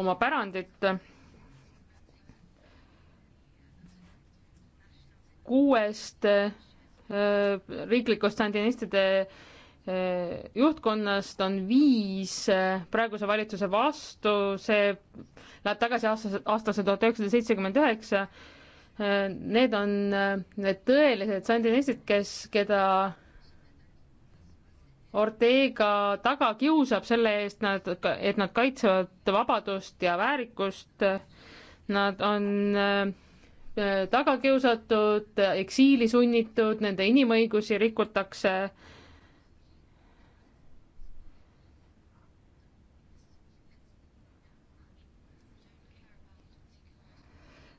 oma pärandit. kuuest äh, riiklikust sandinistide äh, juhtkonnast on viis äh, praeguse valitsuse vastu, see läheb tagasi aastasse, aastasse tuhat üheksasada seitsekümmend üheksa. Need on need tõelised sandinistid, kes, keda Ortega taga kiusab selle eest, nad, et nad kaitsevad vabadust ja väärikust. Nad on äh, taga kiusatud, eksiili sunnitud, nende inimõigusi rikutakse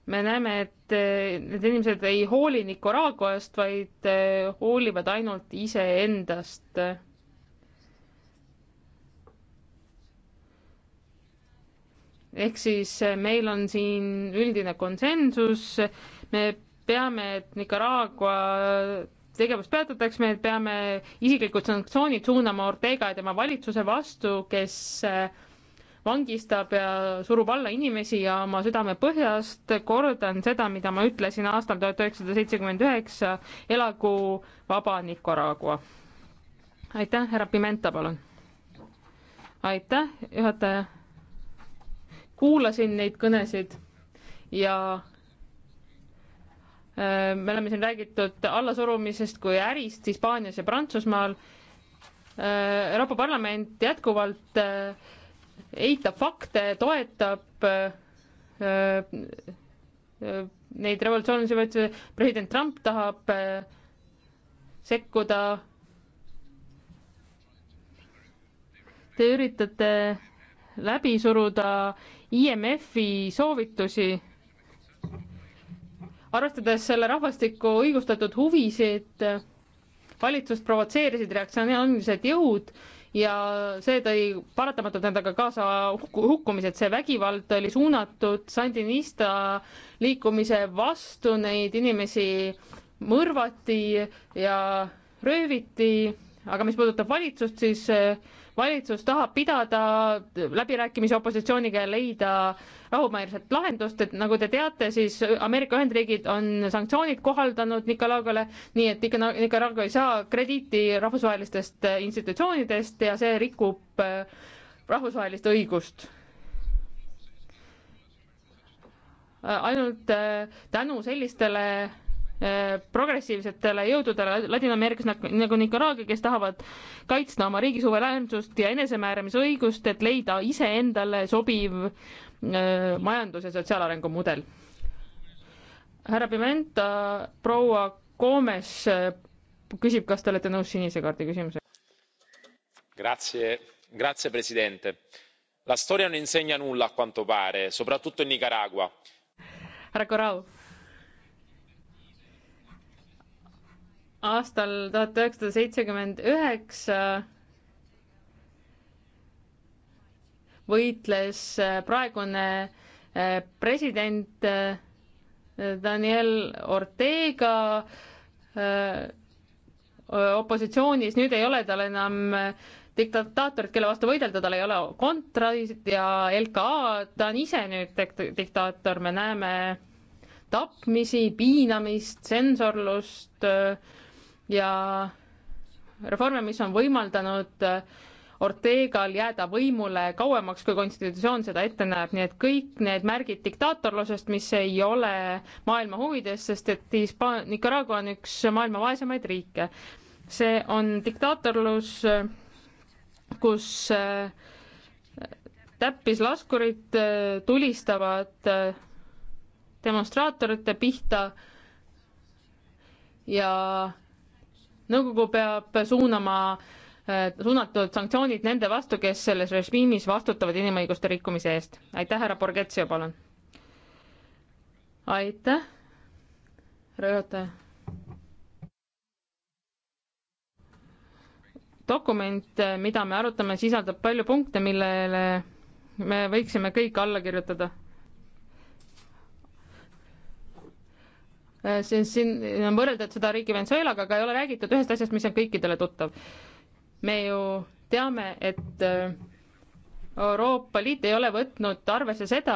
me näeme, et äh, need inimesed ei hooli Nicaraguast, vaid äh, hoolivad ainult iseendast. ehk siis eh, meil on siin üldine konsensus, me peame, et Nicaragua tegevus peatatakse, me peame isiklikud sanktsioonid suunama Ortega ja tema valitsuse vastu, kes eh, vangistab ja surub alla inimesi ja oma südame põhjast kordan seda, mida ma ütlesin aastal tuhat üheksasada seitsekümmend üheksa, elagu vaba Nicaragua. aitäh, härra Pimenta, palun. aitäh, juhataja kuulasin neid kõnesid ja äh, me oleme siin räägitud allasurumisest kui ärist Hispaanias ja Prantsusmaal. Äh, Euroopa Parlament jätkuvalt äh, eitab fakte, toetab neid revolutsioonilisi võtmisi, president Trump tahab sekkuda. Te üritate läbi suruda IMF-i soovitusi, arvestades selle rahvastiku õigustatud huvisid, valitsust provotseerisid reaktsionaalsed jõud ja see tõi paratamatult endaga kaasa hukkumised, see vägivald oli suunatud sandinista liikumise vastu, neid inimesi mõrvati ja rööviti, aga mis puudutab valitsust, siis valitsus tahab pidada läbirääkimisi opositsiooniga ja leida rahumeelset lahendust, et nagu te teate, siis Ameerika Ühendriigid on sanktsioonid kohaldanud Nicaraguale, nii et Nicaragua ei saa krediiti rahvusvahelistest institutsioonidest ja see rikub äh, rahvusvahelist õigust äh, ainult äh, tänu sellistele progressiivsetele jõududele Ladina-Ameerikas nagu Nicaragua, kes tahavad kaitsta oma riigi suveräänsust ja enesemääramisõigust, et leida iseendale sobiv äh, majandus- ja sotsiaalarengu mudel. härra Pimenta, proua Gomes äh, küsib, kas te olete nõus sinise kaardi küsimusega. Grazie, grazie presidente. La storia non insegna nulla a quanto pare, soprattutto in Nicaragua. härra Corral aastal tuhat üheksasada seitsekümmend üheksa võitles äh, praegune äh, president äh, Daniel Ortega opositsioonis, nüüd ei ole tal enam diktaatorit, kelle vastu võidelda, tal ei ole kontrasid ja LKA, ta on ise nüüd diktaator, me näeme tapmisi, piinamist, tsensorlust äh,, ja reforme, mis on võimaldanud äh, Ortegal jääda võimule kauemaks, kui konstitutsioon seda ette näeb, nii et kõik need märgid diktaatorlusest, mis ei ole maailma huvides, sest et Hispa-, Nicaragua on üks maailma vaesemaid riike. see on diktaatorlus, äh, kus äh, täppislaskurid tulistavad demonstraatorite pihta ja nõukogu peab suunama äh, suunatud sanktsioonid nende vastu, kes selles režiimis vastutavad inimõiguste rikkumise eest. aitäh, härra Borgetsio, palun. aitäh, härra juhataja. dokument, äh, mida me arutame, sisaldab palju punkte, millele me võiksime kõik alla kirjutada Äh, siin, siin on võrreldud seda riiki Venezuelaga, aga ei ole räägitud ühest asjast, mis on kõikidele tuttav. me ju teame, et äh, Euroopa Liit ei ole võtnud arvesse seda,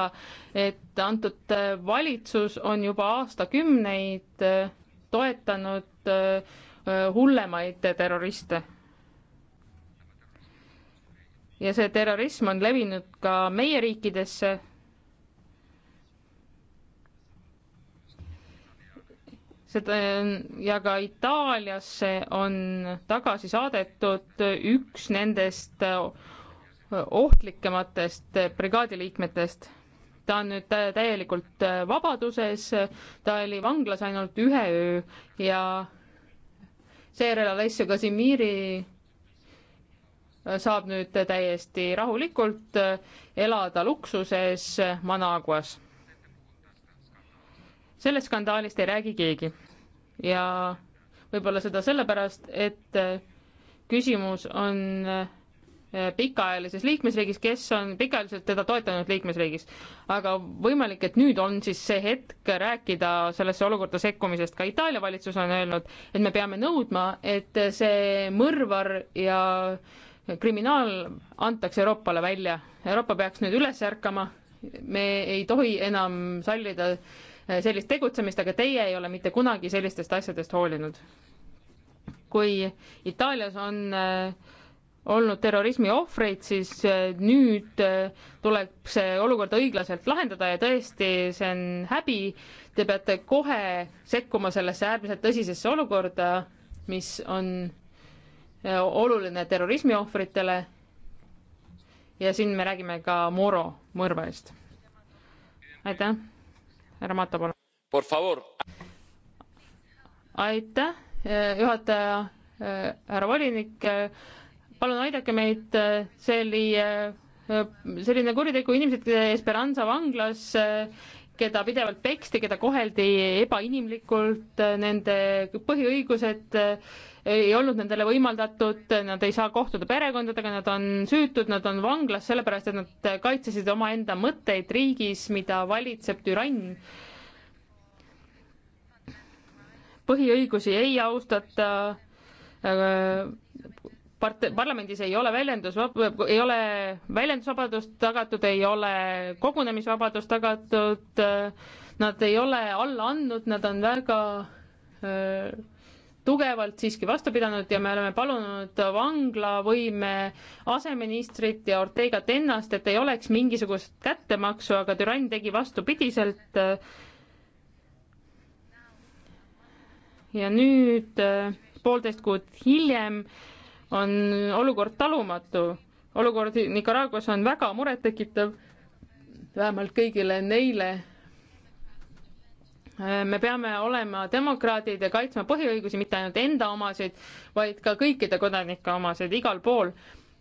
et antud äh, valitsus on juba aastakümneid toetanud hullemaid terroriste. ja see terrorism on levinud ka meie riikidesse seda äh, ja ka Itaaliasse on tagasi saadetud üks nendest äh, ohtlikematest brigaadiliikmetest. ta on nüüd täielikult äh, vabaduses, ta oli vanglas ainult ühe öö ja seejärel Alessio Kasimiri saab nüüd täiesti rahulikult elada luksuses Managuas. sellest skandaalist ei räägi keegi ja võib-olla seda sellepärast, et äh, küsimus on äh, pikaajalises liikmesriigis, kes on pikaajaliselt teda toetanud liikmesriigis. aga võimalik, et nüüd on siis see hetk rääkida sellesse olukorda sekkumisest, ka Itaalia valitsus on öelnud, et me peame nõudma, et see mõrvar ja kriminaal antakse Euroopale välja. Euroopa peaks nüüd üles ärkama, me ei tohi enam sallida äh, Äh, sellist tegutsemist, aga teie ei ole mitte kunagi sellistest asjadest hoolinud. kui Itaalias on äh, olnud terrorismi ohvreid, siis äh, nüüd tuleb see olukord õiglaselt lahendada ja tõesti, see on häbi. Te peate kohe sekkuma sellesse äärmiselt tõsisesse olukorda, mis on oluline terrorismi ohvritele. ja siin me räägime ka Moro mõrva eest. aitäh härra Mato, palun. aitäh, eh, juhataja, eh, härra volinik, eh, palun aidake meid, see oli selline kuritegu, inimesed Esperanza vanglas, keda pidevalt peksti, keda koheldi ebainimlikult, nende põhiõigused äh, ei olnud nendele võimaldatud, nad ei saa kohtuda perekondadega, nad on süütud, nad on vanglas sellepärast, et nad kaitsesid omaenda mõtteid riigis, mida valitseb türann. põhiõigusi ei austata part-, parlamendis ei ole väljendus, ei ole väljendusvabadust tagatud, ei ole kogunemisvabadust tagatud, nad ei ole alla andnud, nad on väga öö, tugevalt siiski vastu pidanud ja me oleme palunud vanglavõime aseministrit ja Ortegat ennast, et ei oleks mingisugust kättemaksu, aga türann tegi vastupidiselt. ja nüüd poolteist kuud hiljem on olukord talumatu. olukord Nicaraguas on väga murettekitav, vähemalt kõigile neile me peame olema demokraadid ja kaitsma põhiõigusi, mitte ainult enda omasid, vaid ka kõikide kodanike omasid igal pool.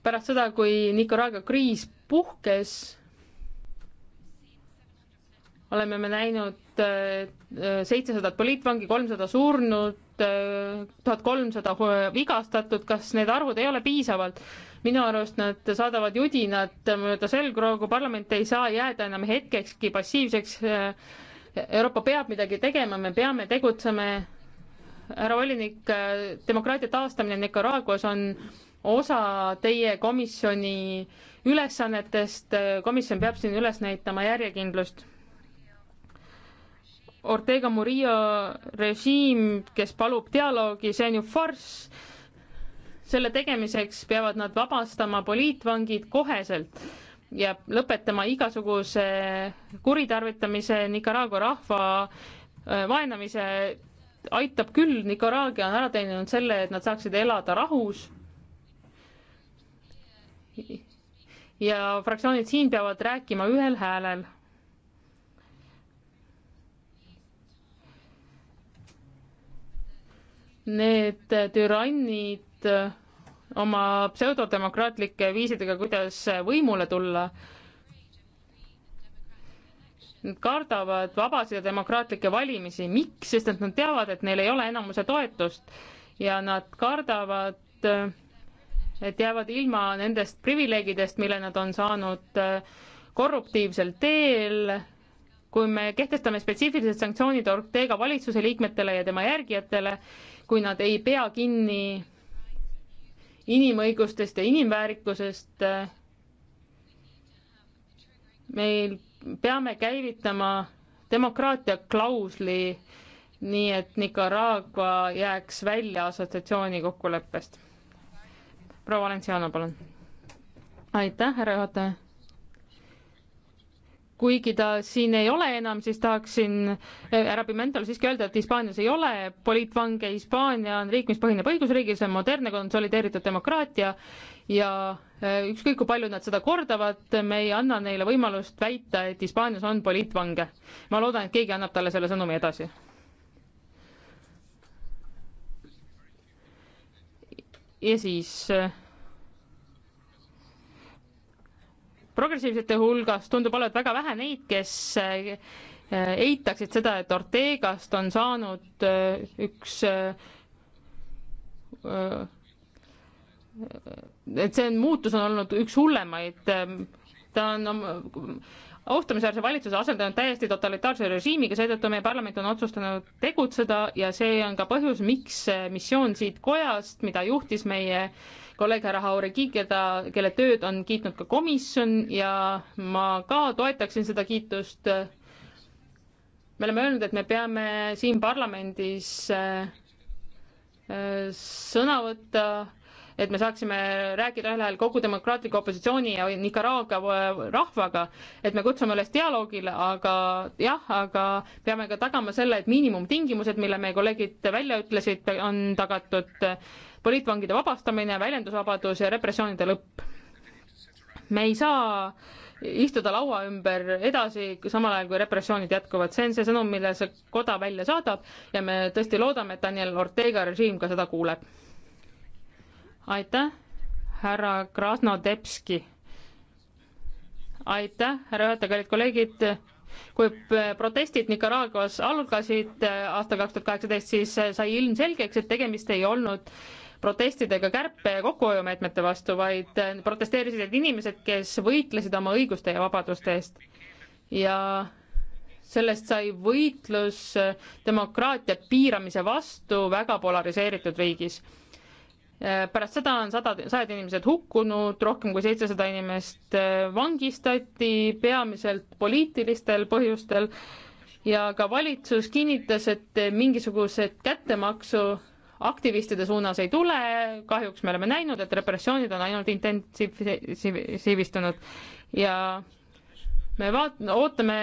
pärast seda, kui Nicaragua kriis puhkes, oleme me näinud äh, seitsesadat poliitvangi, kolmsada surnut, äh, tuhat kolmsada vigastatud, kas need arvud ei ole piisavalt? minu arust nad saadavad judinat mööda selgroogu, parlament ei saa jääda enam hetkekski passiivseks äh, Euroopa peab midagi tegema, me peame tegutsema. härra volinik, demokraatia taastamine Nicaraguas on osa teie komisjoni ülesannetest, komisjon peab siin üles näitama järjekindlust. Ortega Murillo režiim, kes palub dialoogi, see on ju farss. selle tegemiseks peavad nad vabastama poliitvangid koheselt ja lõpetama igasuguse kuritarvitamise Nicaragua rahva äh, vaenamise aitab küll, Nicaragua on ära teeninud selle, et nad saaksid elada rahus. ja fraktsioonid siin peavad rääkima ühel häälel. Need türannid äh, oma pseudodemokraatlike viisidega, kuidas võimule tulla. Nad kardavad vabasid ja demokraatlikke valimisi, miks, sest et nad teavad, et neil ei ole enamuse toetust ja nad kardavad, et jäävad ilma nendest privileegidest, mille nad on saanud korruptiivsel teel, kui me kehtestame spetsiifilised sanktsioonid Ortega valitsuse liikmetele ja tema järgijatele, kui nad ei pea kinni inimõigustest ja inimväärikusest. meil peame käivitama demokraatia klausli, nii et Nicaragua jääks välja assotsiatsiooni kokkuleppest. proua Valenciano, palun. aitäh, härra juhataja kuigi ta siin ei ole enam, siis tahaksin eh, härra Pimental siiski öelda, et Hispaanias ei ole poliitvange, Hispaania on riik, mis põhineb õigusriigil, see on modernne konsolideeritud demokraatia ja eh, ükskõik, kui palju nad seda kordavad, me ei anna neile võimalust väita, et Hispaanias on poliitvange. ma loodan, et keegi annab talle selle sõnumi edasi. ja siis eh, progressiivsete hulgas tundub olevat väga vähe neid, kes äh, eitaksid seda, et Ortegast on saanud äh, üks äh, et see on, muutus on olnud üks hullemaid, ta on austamisväärse valitsuse asendanud täiesti totalitaarse režiimiga, seetõttu meie parlament on otsustanud tegutseda ja see on ka põhjus, miks missioon siit kojast, mida juhtis meie äh, kolleeg härra Hauregi, keda, kelle tööd on kiitnud ka komisjon ja ma ka toetaksin seda kiitust. me oleme öelnud, et me peame siin parlamendis äh, äh, sõna võtta et me saaksime rääkida ühel ajal kogu demokraatliku opositsiooni ja Nicaragua äh, rahvaga, et me kutsume üles dialoogile, aga jah, aga peame ka tagama selle, et miinimumtingimused, mille meie kolleegid välja ütlesid, on tagatud poliitvangide vabastamine, väljendusvabadus ja repressioonide lõpp. me ei saa istuda laua ümber edasi, samal ajal kui repressioonid jätkuvad, see on see sõnum, mille see koda välja saadab ja me tõesti loodame, et Daniel Ortega režiim ka seda kuuleb aitäh, härra Krasnodebski. aitäh, härra juhataja, kallid kolleegid. kui protestid Nicaraguas algasid äh, aastal kaks tuhat kaheksateist, siis äh, sai ilmselgeks, et tegemist ei olnud protestidega kärpe- ja kokkuhoiumeetmete vastu, vaid äh, protesteerisid need inimesed, kes võitlesid oma õiguste ja vabaduste eest. ja sellest sai võitlus demokraatia piiramise vastu väga polariseeritud riigis Äh, pärast seda on sada, sajad inimesed hukkunud, rohkem kui seitsesada inimest äh, vangistati, peamiselt poliitilistel põhjustel, ja ka valitsus kinnitas, et äh, mingisugused kättemaksu aktivistide suunas ei tule, kahjuks me oleme näinud, et repressioonid on ainult intensiivistunud ja me vaat-, ootame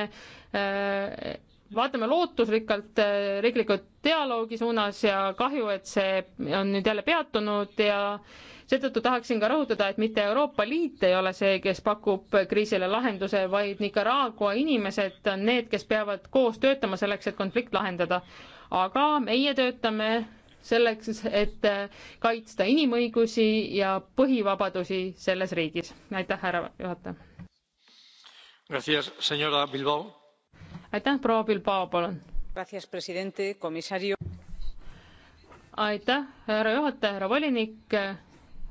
äh, vaatame lootusrikkalt eh, riikliku dialoogi suunas ja kahju, et see on nüüd jälle peatunud ja seetõttu tahaksin ka rõhutada, et mitte Euroopa Liit ei ole see, kes pakub kriisile lahenduse, vaid Nicaragua inimesed on need, kes peavad koos töötama selleks, et konflikt lahendada. aga meie töötame selleks, et eh, kaitsta inimõigusi ja põhivabadusi selles riigis. aitäh, härra juhataja aitäh, proua Bilbao, palun. aitäh, härra juhataja, härra volinik.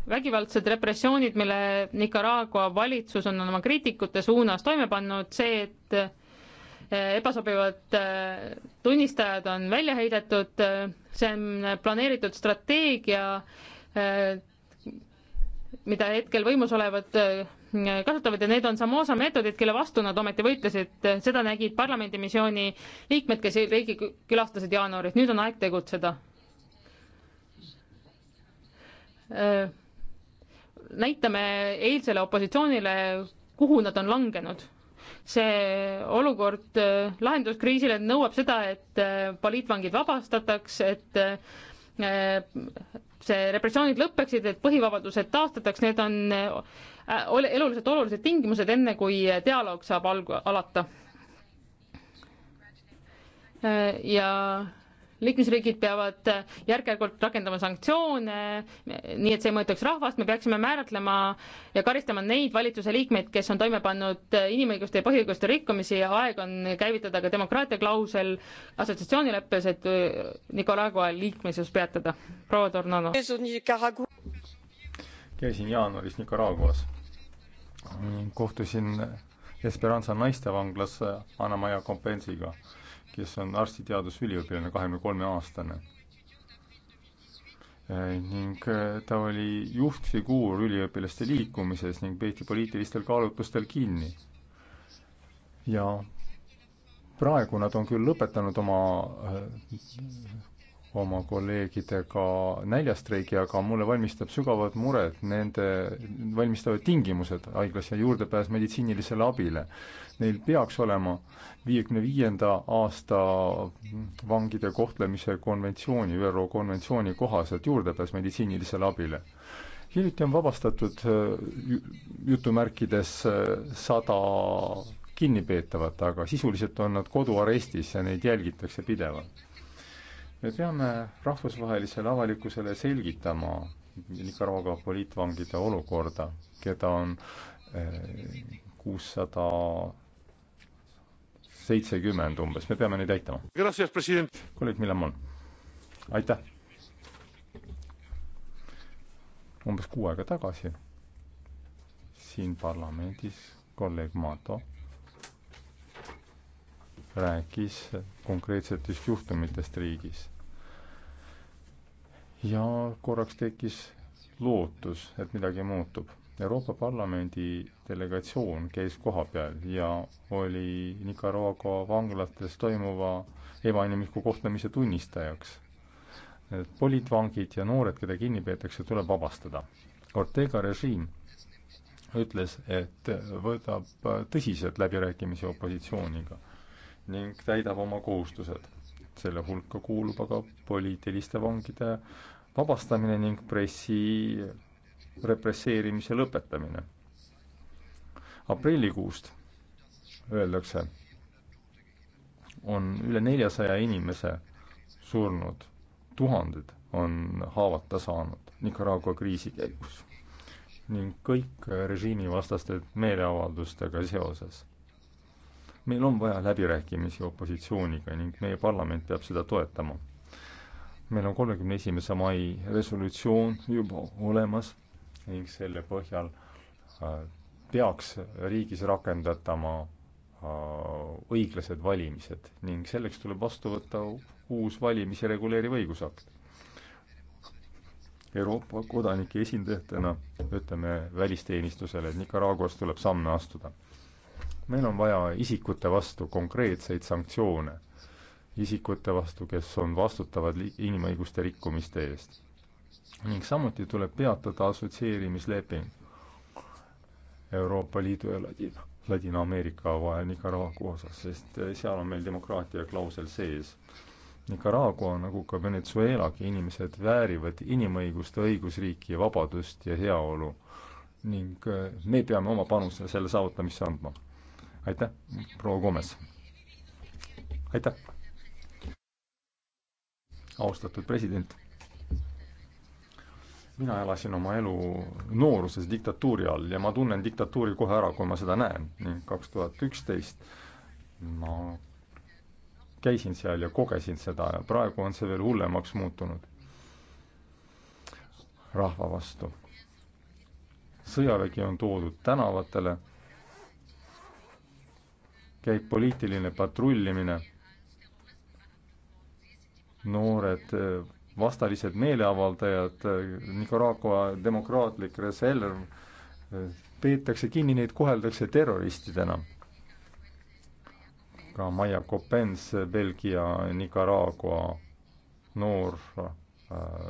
vägivaldsed repressioonid, mille Nicaragua valitsus on oma kriitikute suunas toime pannud, see, et eh, ebasobivad eh, tunnistajad on välja heidetud, eh, see on planeeritud strateegia, mida hetkel võimus olevad kasutavad ja need on Samosa meetodid, kelle vastu nad ometi võitlesid, seda nägid parlamendi missiooni liikmed, kes riigi külastasid jaanuaris, nüüd on aeg tegutseda. näitame eilsele opositsioonile, kuhu nad on langenud. see olukord, lahendus kriisile nõuab seda, et poliitvangid vabastataks, et eh, see repressioonid lõpeksid, et põhivabadused taastataks, need on Äh, eluliselt olulised tingimused, enne kui dialoog saab alg-, alata. Äh, ja liikmesriigid peavad järk-järgult rakendama sanktsioone, nii et see ei mõjutaks rahvast, me peaksime määratlema ja karistama neid valitsuse liikmeid, kes on toime pannud inimõiguste ja põhiõiguste rikkumisi ja aeg on käivitada ka demokraatia klausel assotsiatsioonileppes, et äh, Nicaragua liikmesus peatada. proua Tornano. käisin jaanuaris Nicaraguas kohtusin Esperanza naistevanglas Anna-Maja Kompensiga, kes on arstiteadusüliõpilane, kahekümne kolme aastane. ning ta oli juhtfiguur üliõpilaste liikumises ning peeti poliitilistel kaalutlustel kinni. ja praegu nad on küll lõpetanud oma oma kolleegidega näljastreigi, aga mulle valmistab sügavat muret nende valmistavad tingimused haiglas ja juurdepääs meditsiinilisele abile. Neil peaks olema viiekümne viienda aasta vangide kohtlemise konventsiooni, ÜRO konventsiooni kohaselt juurdepääs meditsiinilisele abile. hiljuti on vabastatud äh, jutumärkides äh, sada kinnipeetavat, aga sisuliselt on nad koduarestis ja neid jälgitakse pidevalt me peame rahvusvahelisele avalikkusele selgitama Nicaragua poliitvangide olukorda, keda on eh, kuussada seitsekümmend umbes, me peame neid aitama. kolleeg Millamon, aitäh! umbes kuu aega tagasi siin parlamendis kolleeg Mato rääkis konkreetsetest juhtumitest riigis. ja korraks tekkis lootus, et midagi muutub. Euroopa Parlamendi delegatsioon käis kohapeal ja oli Nicaragua vanglates toimuva ebainimliku kohtlemise tunnistajaks. et poliitvangid ja noored, keda kinni peetakse, tuleb vabastada. Ortega režiim ütles, et võtab tõsiselt läbirääkimisi opositsiooniga ning täidab oma kohustused. selle hulka kuulub aga poliitiliste vangide vabastamine ning pressi represseerimise lõpetamine. aprillikuust öeldakse, on üle neljasaja inimese surnud, tuhanded on haavata saanud Nicaragua kriisi käigus ning kõik režiimivastaste meeleavaldustega seoses meil on vaja läbirääkimisi opositsiooniga ning meie parlament peab seda toetama. meil on kolmekümne esimese mai resolutsioon juba olemas ning selle põhjal äh, peaks riigis rakendatama äh, õiglased valimised ning selleks tuleb vastu võtta uus valimisi reguleeriv õigusakt. Euroopa kodanike esindajatena ütleme välisteenistusele, et Nicaraguas tuleb samme astuda meil on vaja isikute vastu konkreetseid sanktsioone. isikute vastu, kes on vastutavad inimõiguste rikkumiste eest. ning samuti tuleb peatada assotsieerimisleping Euroopa Liidu ja Ladina, Ladina-Ameerika vahel Nicaragua osas, sest eh, seal on meil demokraatia klausel sees. Nicaragua, nagu ka Venezuelagi inimesed, väärivad inimõiguste, õigusriiki, vabadust ja heaolu ning eh, me peame oma panuse selle saavutamisse andma aitäh, proua Gomes. aitäh. austatud president. mina elasin oma elu nooruses diktatuuri all ja ma tunnen diktatuuri kohe ära, kui ma seda näen. ning kaks tuhat üksteist ma käisin seal ja kogesin seda ja praegu on see veel hullemaks muutunud rahva vastu. sõjavägi on toodud tänavatele käib poliitiline patrullimine. noored vastalised meeleavaldajad, Nicaragua demokraatlik reserv, peetakse kinni, neid koheldakse terroristidena. ka Maia Coppens, Belgia, Nicaragua noor äh,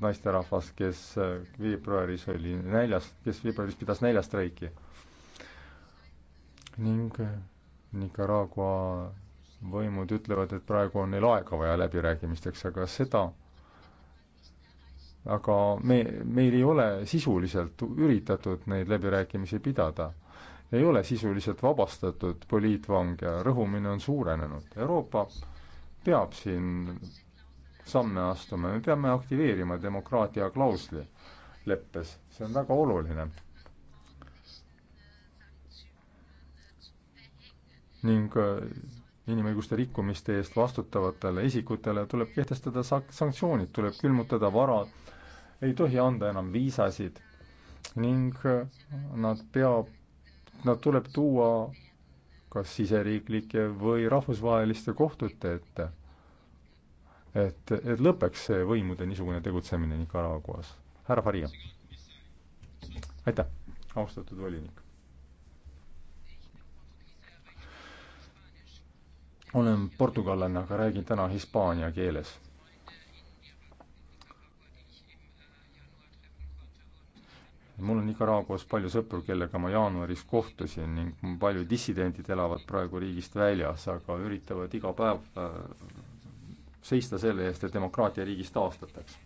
naisterahvas, kes äh, veebruaris oli näljas, kes veebruaris pidas näljastreiki. ning äh, Nicaragua võimud ütlevad, et praegu on neil aega vaja läbirääkimisteks, aga seda, aga me, meil ei ole sisuliselt üritatud neid läbirääkimisi pidada. ei ole sisuliselt vabastatud poliitvange, rõhumine on suurenenud. Euroopa peab siin samme astuma, me peame aktiveerima demokraatia klausli leppes, see on väga oluline ning äh, inimõiguste rikkumiste eest vastutavatele isikutele tuleb kehtestada sank-, sanktsioonid, tuleb külmutada vara, ei tohi anda enam viisasid ning äh, nad peab, nad tuleb tuua kas siseriiklike või rahvusvaheliste kohtute ette. et, et lõpeks see võimude niisugune tegutsemine Nicaraguas. härra Faria. aitäh, austatud volinik olen portugallanna, aga räägin täna hispaania keeles. mul on Nicaraguas palju sõpru, kellega ma jaanuaris kohtusin ning paljud dissidendid elavad praegu riigist väljas, aga üritavad iga päev äh, seista selle eest, et demokraatia riigis taastataks.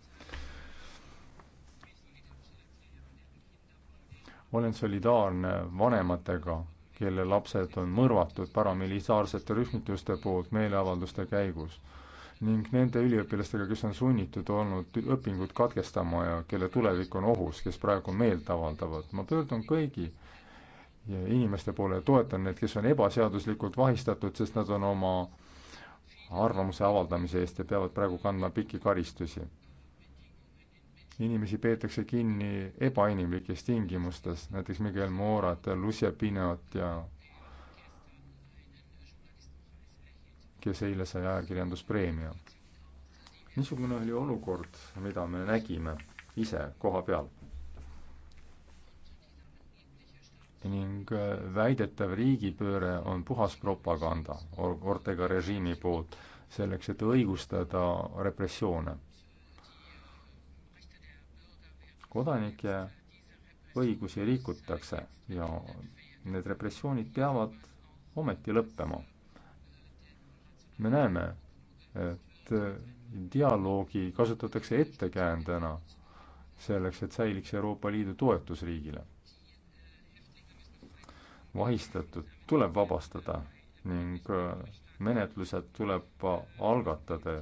olen solidaarne vanematega kelle lapsed on mõrvatud paramilitaarsete rühmituste poolt meeleavalduste käigus ning nende üliõpilastega, kes on sunnitud olnud õpingud katkestama ja kelle tulevik on ohus, kes praegu meelt avaldavad. ma pöördun kõigi inimeste poole ja toetan neid, kes on ebaseaduslikult vahistatud, sest nad on oma arvamuse avaldamise eest ja peavad praegu kandma pikki karistusi inimesi peetakse kinni ebainimlikes tingimustes, näiteks Miguel Morat, Lucia Pinot ja kes eile sai ajakirjanduspreemia. niisugune oli olukord, mida me nägime ise koha peal. ning äh, väidetav riigipööre on puhas propaganda Ortega režiimi poolt selleks, et õigustada repressioone kodanike õigusi rikutakse ja need repressioonid peavad ometi lõppema. me näeme, et dialoogi kasutatakse ettekäändena selleks, et säiliks Euroopa Liidu toetus riigile. vahistatud tuleb vabastada ning menetlused tuleb algatada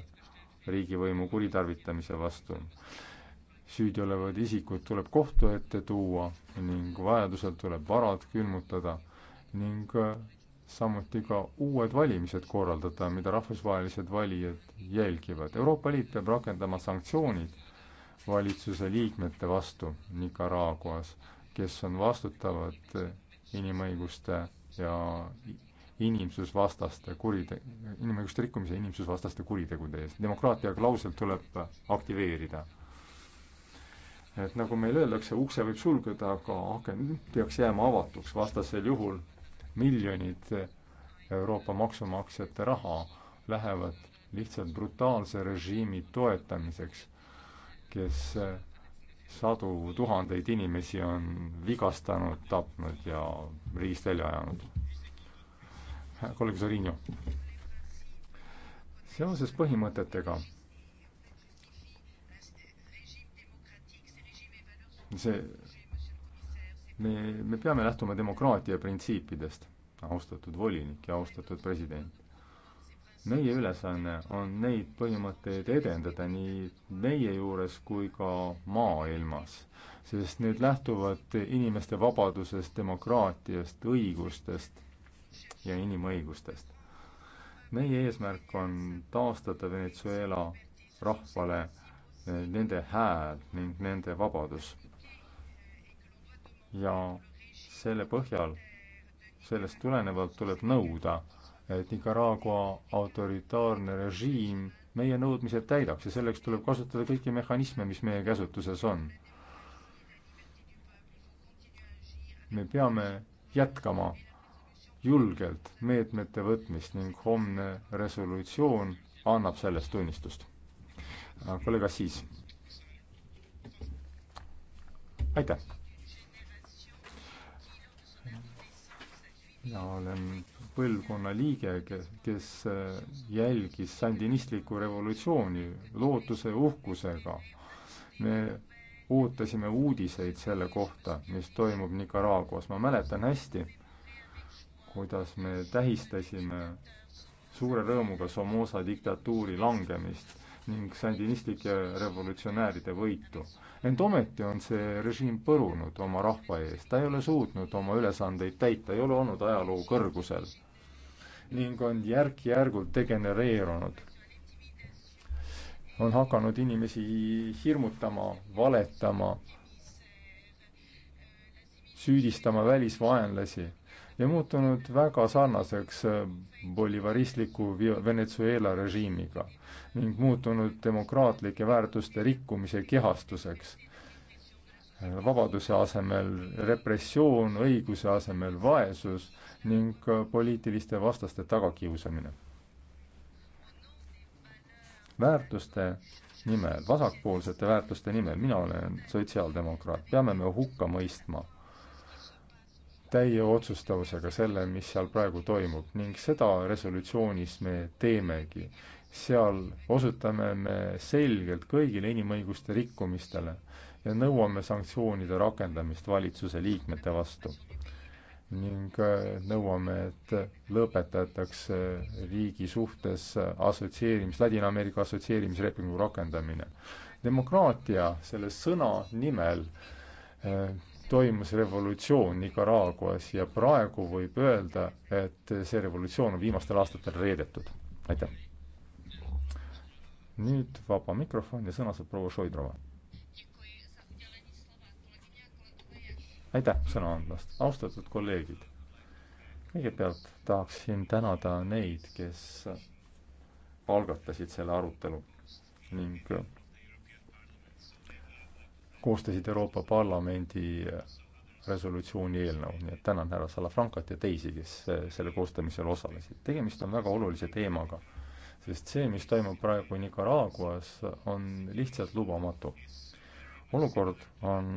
riigivõimu kuritarvitamise vastu süüdi olevad isikud tuleb kohtu ette tuua ning vajadusel tuleb varad külmutada ning äh, samuti ka uued valimised korraldada, mida rahvusvahelised valijad jälgivad. Euroopa Liit peab rakendama sanktsioonid valitsuse liikmete vastu Nicaraguas, kes on vastutavad äh, inimõiguste ja inimsusvastaste kurite-, inimõiguste rikkumise ja inimsusvastaste kuritegude eest. demokraatia klausel tuleb aktiveerida et nagu meil öeldakse, ukse võib sulgeda, aga aken peaks jääma avatuks, vastasel juhul miljonid Euroopa maksumaksjate raha lähevad lihtsalt brutaalse režiimi toetamiseks, kes sadu tuhandeid inimesi on vigastanud, tapnud ja riigist välja ajanud. kolleeg Zorinio. seoses põhimõtetega see, me, me peame lähtuma demokraatia printsiipidest, austatud volinik ja austatud president. meie ülesanne on neid põhimõtteid edendada nii meie juures kui ka maailmas, sest need lähtuvad inimeste vabadusest, demokraatiast, õigustest ja inimõigustest. meie eesmärk on taastada Venezuela rahvale eh, nende hääl ning nende vabadus ja selle põhjal, sellest tulenevalt tuleb nõuda, et Nicaragua autoritaarne režiim meie nõudmised täidaks ja selleks tuleb kasutada kõiki mehhanisme, mis meie käsutuses on. me peame jätkama julgelt meetmete võtmist ning homne resolutsioon annab sellest tunnistust. kolleeg Assis. aitäh! mina olen põlvkonna liige, kes, kes eh, jälgis sandinistlikku revolutsiooni lootuse ja uhkusega. me ootasime uudiseid selle kohta, mis toimub Nicaraguas. ma mäletan hästi, kuidas me tähistasime suure rõõmuga Somoza diktatuuri langemist ning sandinistike revolutsionääride võitu. ent ometi on see režiim põrunud oma rahva ees, ta ei ole suutnud oma ülesandeid täita, ei ole olnud ajaloo kõrgusel ning on järk-järgult degenereerunud. on hakanud inimesi hirmutama, valetama, süüdistama välisvaenlasi ja muutunud väga sarnaseks eh, bolivaristliku Venezuela režiimiga ning muutunud demokraatlike väärtuste rikkumise kehastuseks. vabaduse asemel repressioon, õiguse asemel vaesus ning poliitiliste vastaste tagakiusamine. väärtuste nimel, vasakpoolsete väärtuste nimel, mina olen sotsiaaldemokraat, peame me hukka mõistma täie otsustavusega selle, mis seal praegu toimub ning seda resolutsioonis me teemegi. seal osutame me selgelt kõigile inimõiguste rikkumistele ja nõuame sanktsioonide rakendamist valitsuse liikmete vastu. ning äh, nõuame, et lõpetatakse riigi suhtes assotsieerimis, Ladina-Ameerika assotsieerimislepingu rakendamine. demokraatia selle sõna nimel äh, toimus revolutsioon Nicaraguas ja praegu võib öelda, et see revolutsioon on viimastel aastatel reedetud. aitäh! nüüd vaba mikrofon ja sõna saab proua Šoidrova. aitäh sõna andmast, austatud kolleegid! kõigepealt tahaksin tänada neid, kes algatasid selle arutelu ning koostasid Euroopa Parlamendi resolutsiooni eelnõu, nii et tänan härra Salafrankat ja teisi, kes selle koostamisel osalesid. tegemist on väga olulise teemaga, sest see, mis toimub praegu Nicaraguas, on lihtsalt lubamatu. olukord on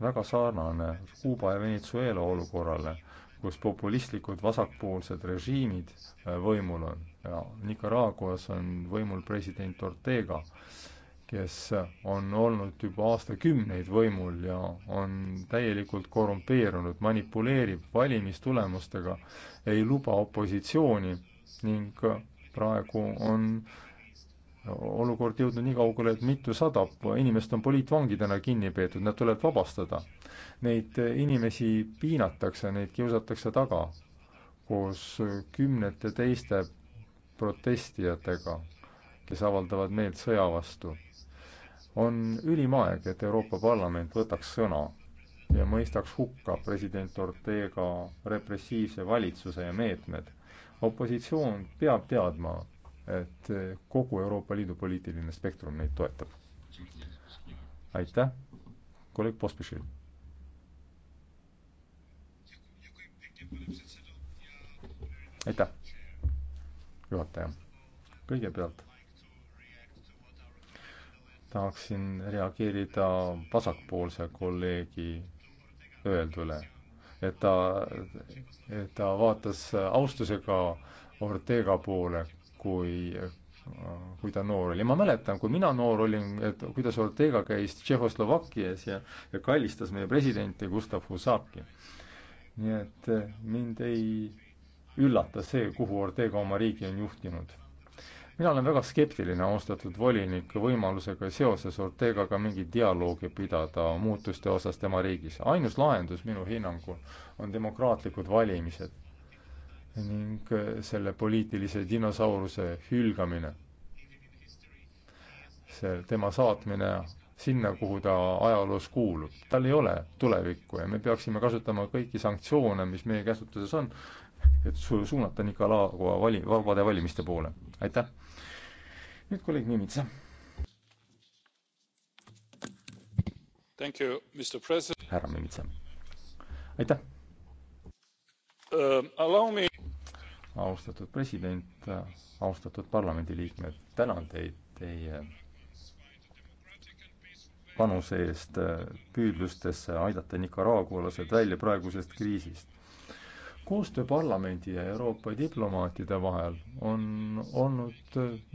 väga sarnane Kuuba ja Venezuela olukorrale, kus populistlikud vasakpoolsed režiimid võimul on ja Nicaraguas on võimul president Ortega kes on olnud juba aastakümneid võimul ja on täielikult korrumpeerunud, manipuleerib valimistulemustega, ei luba opositsiooni ning praegu on olukord jõudnud nii kaugele, et mitusada inimest on poliitvangidena kinni peetud, nad tuleb vabastada. Neid inimesi piinatakse, neid kiusatakse taga koos kümnete teiste protestijatega, kes avaldavad meelt sõja vastu on ülim aeg, et Euroopa Parlament võtaks sõna ja mõistaks hukka president Ortega repressiivse valitsuse ja meetmed. opositsioon peab teadma, et kogu Euroopa Liidu poliitiline spektrum neid toetab. aitäh, kolleeg Pospišil. aitäh, juhataja. kõigepealt tahaksin reageerida vasakpoolse kolleegi öeldule, et ta, et ta vaatas austusega Ortega poole, kui, kui ta noor oli. ma mäletan, kui mina noor olin, et kuidas Ortega käis Tšehhoslovakkias ja, ja kallistas meie presidenti Gustav Husaki. nii et mind ei üllata see, kuhu Ortega oma riigi on juhtinud mina olen väga skeptiline, austatud volinik, võimalusega seoses Ortegaga mingit dialoogi pidada muutuste osas tema riigis. ainus lahendus minu hinnangul on demokraatlikud valimised ning selle poliitilise dinosauruse hülgamine. see, tema saatmine sinna, kuhu ta ajaloos kuulub. tal ei ole tulevikku ja me peaksime kasutama kõiki sanktsioone, mis meie käsutuses on, et su-, suunata Nicaragua vali-, vabade valimiste poole. aitäh! nüüd kolleeg Mimitsa. härra Mimitsa, aitäh uh,. Me... austatud president, austatud parlamendiliikmed, tänan teid teie panuse eest äh, püüdlustesse aidata nikaraagualased välja praegusest kriisist koostöö parlamendi ja Euroopa diplomaatide vahel on olnud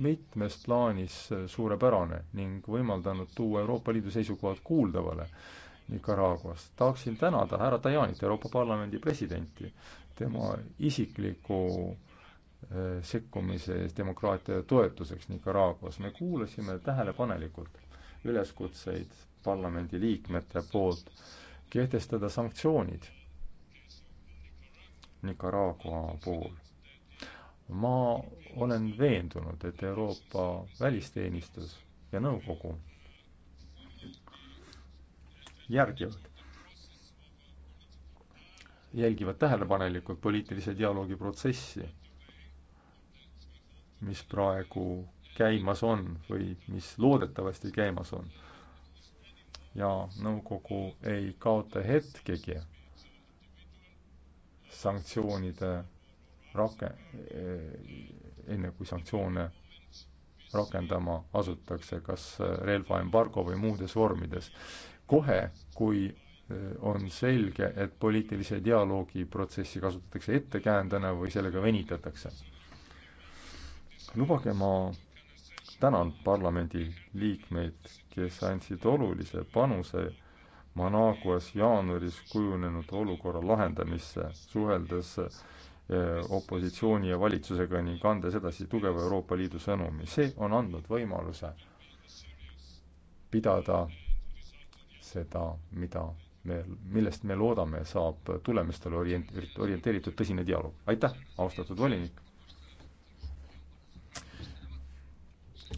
mitmes plaanis suurepärane ning võimaldanud tuua Euroopa Liidu seisukohad kuuldavale Nicaraguas. tahaksin tänada härra Tajanit, Euroopa Parlamendi presidenti, tema isikliku eh, sekkumise eest demokraatia toetuseks Nicaraguas. me kuulasime tähelepanelikult üleskutseid parlamendi liikmete poolt kehtestada sanktsioonid Nicaragua puhul. ma olen veendunud, et Euroopa välisteenistus ja nõukogu järgivad, jälgivad tähelepanelikult poliitilise dialoogi protsessi, mis praegu käimas on või mis loodetavasti käimas on. ja nõukogu ei kaota hetkegi sanktsioonide rake-, eh, enne kui sanktsioone rakendama asutakse, kas eh, relvaembargo või muudes vormides. kohe, kui eh, on selge, et poliitilise dialoogi protsessi kasutatakse ettekäändena või sellega venitatakse. lubage, ma tänan parlamendi liikmeid, kes andsid olulise panuse Managuas jaanuaris kujunenud olukorra lahendamisse, suheldes eh, opositsiooni ja valitsusega ning andes edasi tugeva Euroopa Liidu sõnumi. see on andnud võimaluse pidada seda, mida me, millest me loodame, saab tulemustele orient-, orienteeritud tõsine dialoog. aitäh, austatud volinik!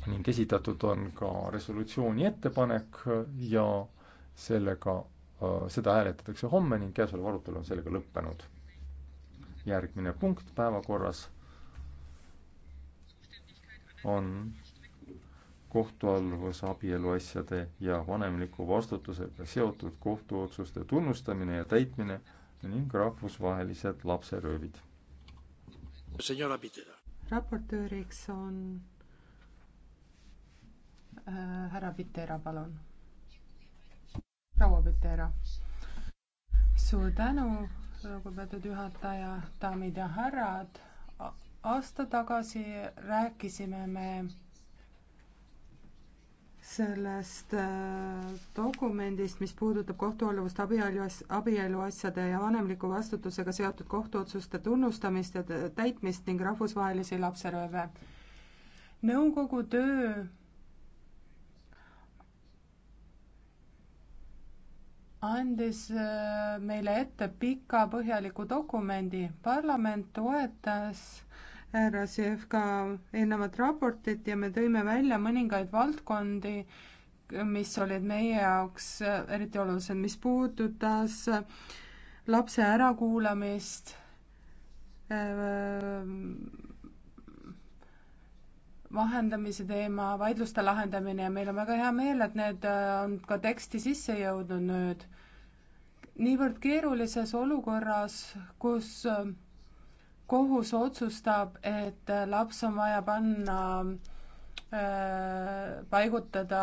ning esitatud on ka resolutsiooni ettepanek ja sellega, äh, seda hääletatakse homme ning käesolev arutelu on sellega lõppenud. järgmine punkt päevakorras on kohtualluvus abieluasjade ja vanemliku vastutusega seotud kohtuotsuste tunnustamine ja täitmine ning rahvusvahelised lapseröövid. raportööriks on äh, härra Pitera, palun proua Pitera. suur tänu, lugupeetud juhataja, daamid ja härrad. aasta tagasi rääkisime me sellest äh, dokumendist, mis puudutab kohtualluvust abielu, abieluasjade ja vanemliku vastutusega seotud kohtuotsuste tunnustamist ja täitmist ning rahvusvahelisi lapserööve. nõukogu töö andis äh, meile ette pika põhjaliku dokumendi. parlament toetas härra Sjevka eelnevat raportit ja me tõime välja mõningaid valdkondi, mis olid meie jaoks äh, eriti olulised, mis puudutas äh, lapse ärakuulamist, vahendamise teema, vaidluste lahendamine ja meil on väga hea meel, et need on ka teksti sisse jõudnud nüüd niivõrd keerulises olukorras, kus äh, kohus otsustab, et äh, laps on vaja panna äh,, paigutada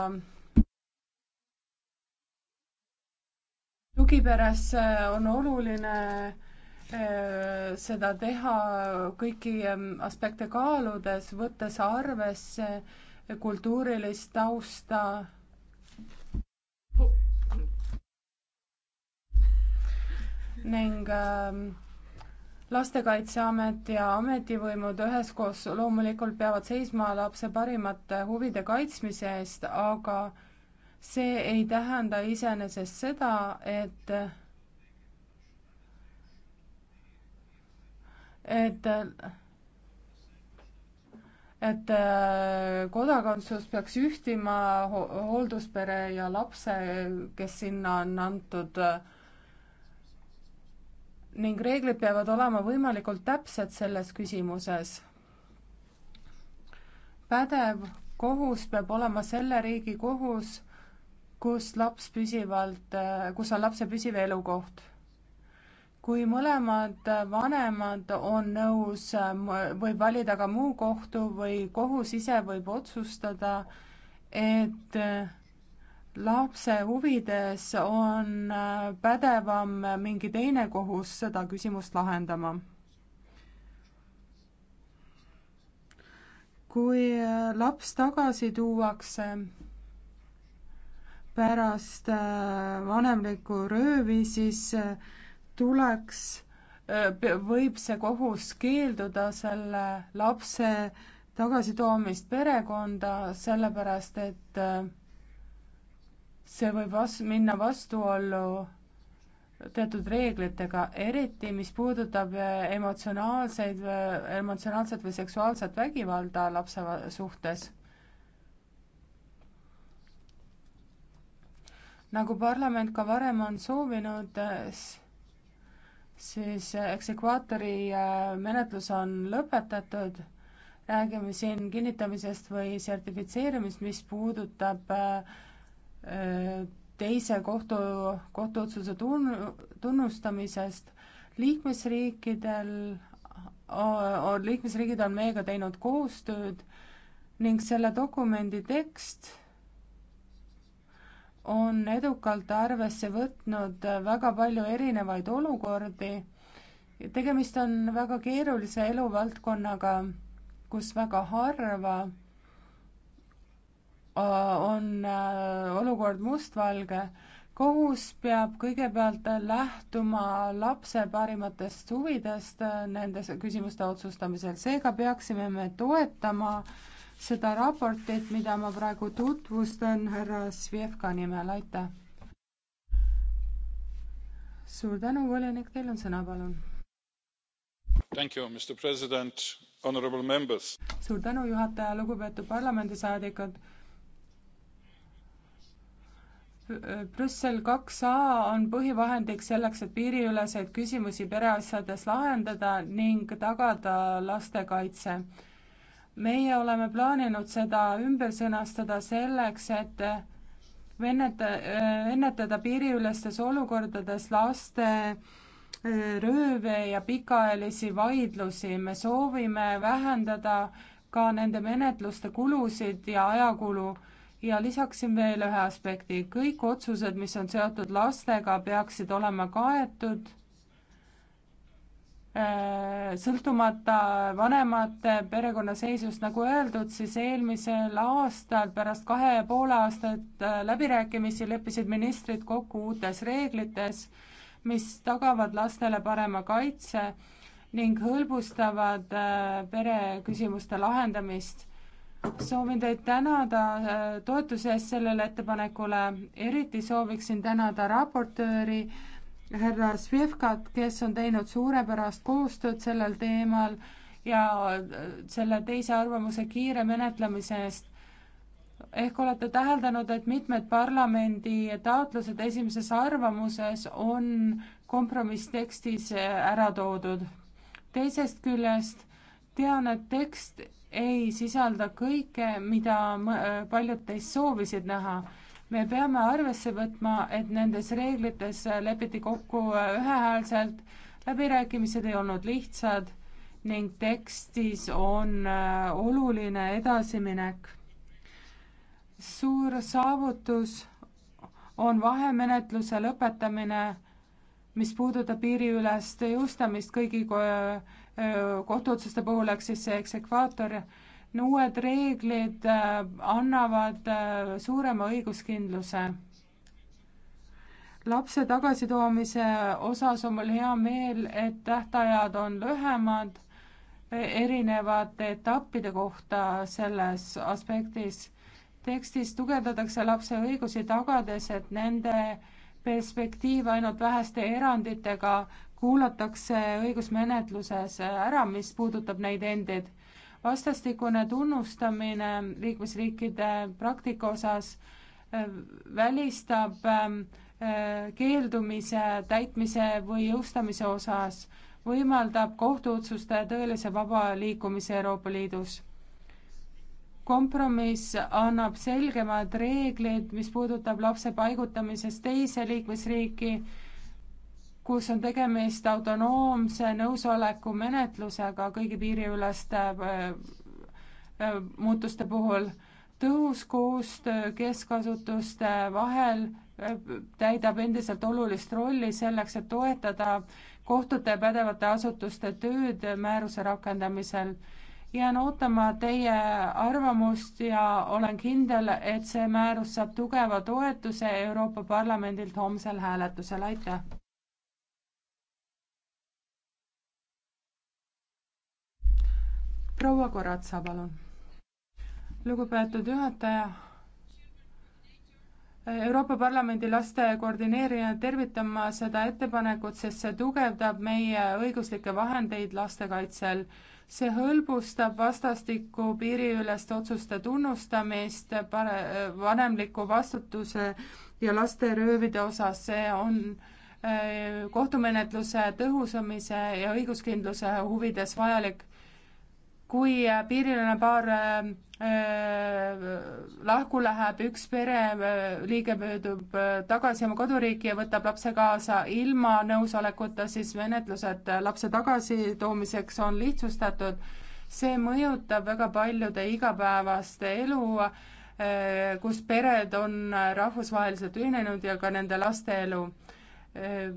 tugiperesse, on oluline äh, seda teha kõiki ähm, aspekte kaaludes, võttes arvesse kultuurilist tausta ning ähm, lastekaitseamet ja ametivõimud üheskoos loomulikult peavad seisma lapse parimate huvide kaitsmise eest, aga see ei tähenda iseenesest seda, et et et äh, kodakondsus peaks ühtima ho hoolduspere ja lapse, kes sinna on antud äh, ning reeglid peavad olema võimalikult täpsed selles küsimuses. pädev kohus peab olema selle riigi kohus, kus laps püsivalt, kus on lapse püsiv elukoht. kui mõlemad vanemad on nõus, võib valida ka muu kohtu või kohus ise võib otsustada, et lapse huvides on äh, pädevam mingi teine kohus seda küsimust lahendama kui äh, laps tagasi tuuakse pärast äh, vanemlikku röövi, siis tuleks, võib see kohus keelduda selle lapse tagasitoomist perekonda, sellepärast et see võib vas-, minna vastuollu teatud reeglitega, eriti mis puudutab äh, emotsionaalseid, äh, emotsionaalset või seksuaalset vägivalda lapse suhtes. nagu parlament ka varem on soovinud, äh, siis eksekvaatori menetlus on lõpetatud, räägime siin kinnitamisest või sertifitseerimist, mis puudutab äh, teise kohtu, kohtuotsuse tun-, tunnustamisest, liikmesriikidel, liikmesriigid on meiega teinud koostööd ning selle dokumendi tekst on edukalt arvesse võtnud väga palju erinevaid olukordi. tegemist on väga keerulise eluvaldkonnaga, kus väga harva Äh, on äh, olukord mustvalge. kohus peab kõigepealt lähtuma lapse parimatest huvidest äh, nende küsimuste otsustamisel, seega peaksime me toetama seda raportit, mida ma praegu tutvustan härra Svjevka nimel, aitäh. suur tänu, volinik, teil on sõna, palun. Thank you, Mr President, honorable members. suur tänu, juhataja, lugupeetud parlamendisaadikud Brüssel kaks A on põhivahendiks selleks, et piiriüleseid küsimusi pereasjades lahendada ning tagada lastekaitse. meie oleme plaaninud seda ümber sõnastada selleks, et enneta-, ennetada piiriülestes olukordades laste äh, rööve ja pikaajalisi vaidlusi. me soovime vähendada ka nende menetluste kulusid ja ajakulu ja lisaksin veel ühe aspekti, kõik otsused, mis on seotud lastega, peaksid olema kaetud äh, sõltumata vanemate perekonnaseisust, nagu öeldud, siis eelmisel aastal pärast kahe ja poole aastat äh, läbirääkimisi leppisid ministrid kokku uutes reeglites, mis tagavad lastele parema kaitse ning hõlbustavad äh, pere küsimuste lahendamist soovin teid tänada äh, toetuse eest sellele ettepanekule, eriti sooviksin tänada raportööri härra Svjevkat, kes on teinud suurepärast koostööd sellel teemal ja äh, selle teise arvamuse kiire menetlemise eest. ehk olete täheldanud, et mitmed parlamendi taotlused esimeses arvamuses on kompromisstekstis ära toodud. teisest küljest tean, et tekst ei sisalda kõike, mida paljud teist soovisid näha. me peame arvesse võtma, et nendes reeglites lepiti kokku ühehäälselt, läbirääkimised ei olnud lihtsad ning tekstis on äh, oluline edasiminek. suur saavutus on vahemenetluse lõpetamine, mis puudutab piiriülest jõustamist kõigi kohtuotsuste puhul oleks siis see eksekvaator, uued reeglid äh, annavad äh, suurema õiguskindluse. lapse tagasitoomise osas on mul hea meel, et tähtajad on lühemad e, erinevate etappide kohta selles aspektis. tekstis tugevdatakse lapse õigusi, tagades, et nende perspektiiv ainult väheste eranditega kuulatakse õigusmenetluses ära, mis puudutab neid endid. vastastikune tunnustamine liikmesriikide praktika osas äh, välistab ähm, äh, keeldumise täitmise või jõustamise osas, võimaldab kohtuotsuste tõelise vaba liikumise Euroopa Liidus. kompromiss annab selgemad reeglid, mis puudutab lapse paigutamisest teise liikmesriiki kus on tegemist autonoomse nõusoleku menetlusega kõigi piiriüleste äh, äh, muutuste puhul. tõhus koostöö keskasutuste vahel äh, täidab endiselt olulist rolli selleks, et toetada kohtute ja pädevate asutuste tööd määruse rakendamisel. jään ootama teie arvamust ja olen kindel, et see määrus saab tugeva toetuse Euroopa Parlamendilt homsel hääletusel, aitäh! proua Koratsa, palun. lugupeetud juhataja, Euroopa Parlamendi laste koordineerijana tervitan ma seda ettepanekut, sest see tugevdab meie õiguslikke vahendeid lastekaitsel. see hõlbustab vastastikku piiriüleste otsuste tunnustamist, vanemliku vastutuse ja laste röövide osas, see on eh, kohtumenetluse tõhusamise ja õiguskindluse huvides vajalik kui äh, piiriline paar äh, äh, lahku läheb, üks pereliige äh, pöördub tagasi oma koduriiki ja võtab lapse kaasa ilma nõusolekuta, siis menetlused lapse tagasitoomiseks on lihtsustatud. see mõjutab väga paljude igapäevast elu äh,, kus pered on rahvusvaheliselt ühinenud ja ka nende laste elu äh,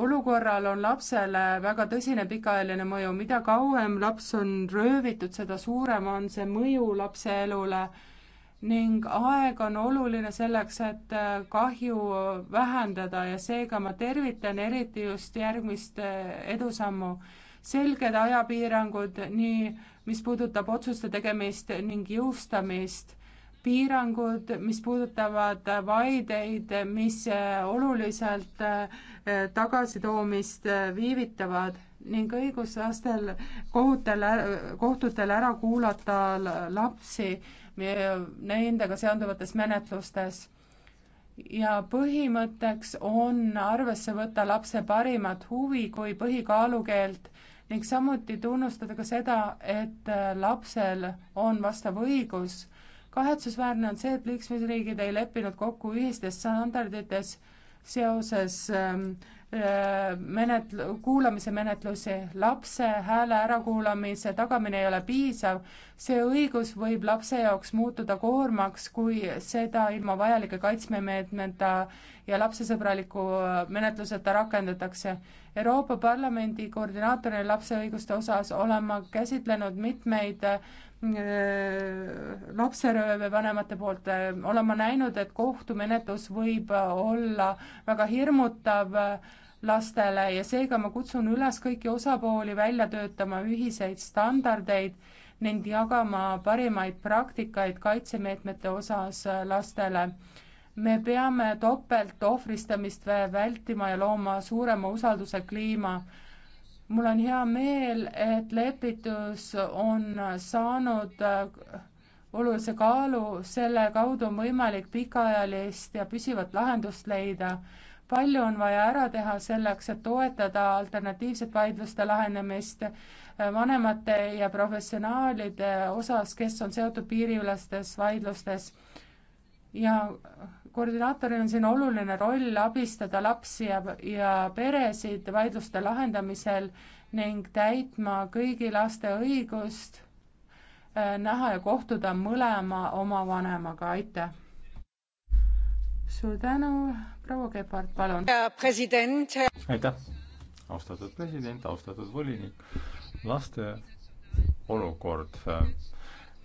olukorral on lapsele väga tõsine pikaajaline mõju, mida kauem laps on röövitud, seda suurem on see mõju lapse elule ning aeg on oluline selleks, et äh, kahju vähendada ja seega ma tervitan eriti just järgmist äh, edusammu. selged ajapiirangud, nii mis puudutab otsuste tegemist ning jõustamist piirangud, mis puudutavad vaideid, mis oluliselt eh, tagasitoomist eh, viivitavad ning õiguslastel kohutel, kohtutel ära kuulata lapsi eh, nendega seonduvates menetlustes ja põhimõtteks on arvesse võtta lapse parimat huvi kui põhikaalukeelt ning samuti tunnustada ka seda, et lapsel on vastav õigus kahetsusväärne on see, et liikmesriigid ei leppinud kokku ühistes standardites seoses ähm, äh, menet-, kuulamise menetlusi, lapse hääle ärakuulamise tagamine ei ole piisav, see õigus võib lapse jaoks muutuda koormaks, kui seda ilma vajalike kaitsmemeetmeta ja lapsesõbraliku äh, menetluseta rakendatakse. Euroopa Parlamendi koordinaatorina lapse õiguste osas olen ma käsitlenud mitmeid äh, Äh, lapserööve vanemate poolt, äh, olen ma näinud, et kohtumenetlus võib olla väga hirmutav äh, lastele ja seega ma kutsun üles kõiki osapooli välja töötama ühiseid standardeid ning jagama parimaid praktikaid kaitsemeetmete osas lastele. me peame topeltohvristamist vältima ja looma suurema usalduse kliima mul on hea meel, et lepitus on saanud äh, olulise kaalu, selle kaudu on võimalik pikaajalist ja püsivat lahendust leida. palju on vaja ära teha selleks, et toetada alternatiivset vaidluste lahendamist äh, vanemate ja professionaalide osas, kes on seotud piiriülestes vaidlustes ja koordinaatoril on siin oluline roll abistada lapsi ja, ja peresid vaidluste lahendamisel ning täitma kõigi laste õigust äh, näha ja kohtuda mõlema oma vanemaga, aitäh. suur tänu, proua Kepart, palun. aitäh, austatud president, austatud volinik. laste olukord äh,